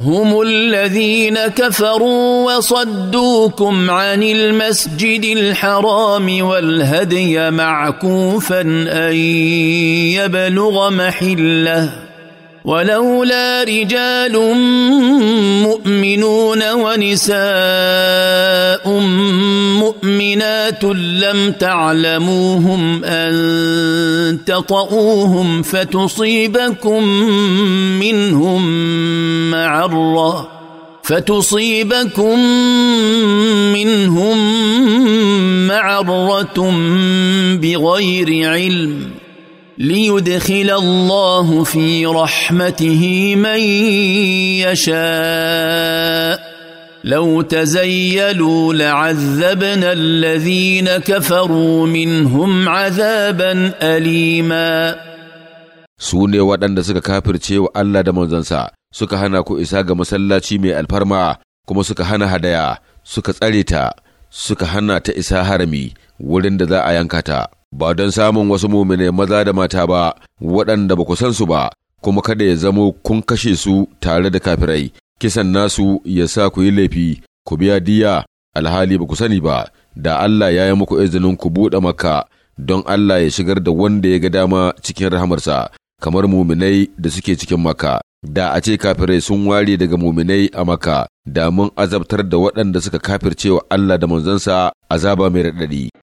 هم الذين كفروا وصدوكم عن المسجد الحرام والهدي معكوفا ان يبلغ محله ولولا رجال مؤمنون ونساء مؤمنات لم تعلموهم ان تطؤوهم فتصيبكم منهم معرة فتصيبكم منهم معرة بغير علم ليدخل الله في رحمته من يشاء لو تزيلوا لعذبنا الذين كفروا منهم عذابا أليما su ne waɗanda suka kafirce wa Allah da manzansa suka hana ku isa ga masallaci mai alfarma kuma suka hana hadaya suka tsare ta suka hana ta isa harami wurin da za a yanka ta ba don samun wasu muminai maza da mata ba waɗanda ba ku san su ba kuma kada ya zamo kun kashe su tare da kafirai kisan nasu ya sa ku yi laifi ku biya diya alhali ba ku sani ba da Allah ya yi muku izinin ku buɗe maka don Allah ya shigar da wanda ya ga dama cikin rahamarsa kamar muminai da suke cikin maka da a ce kafirai sun ware daga muminai a maka da mun azabtar da waɗanda suka kafircewa Allah da manzansa azaba mai raɗaɗi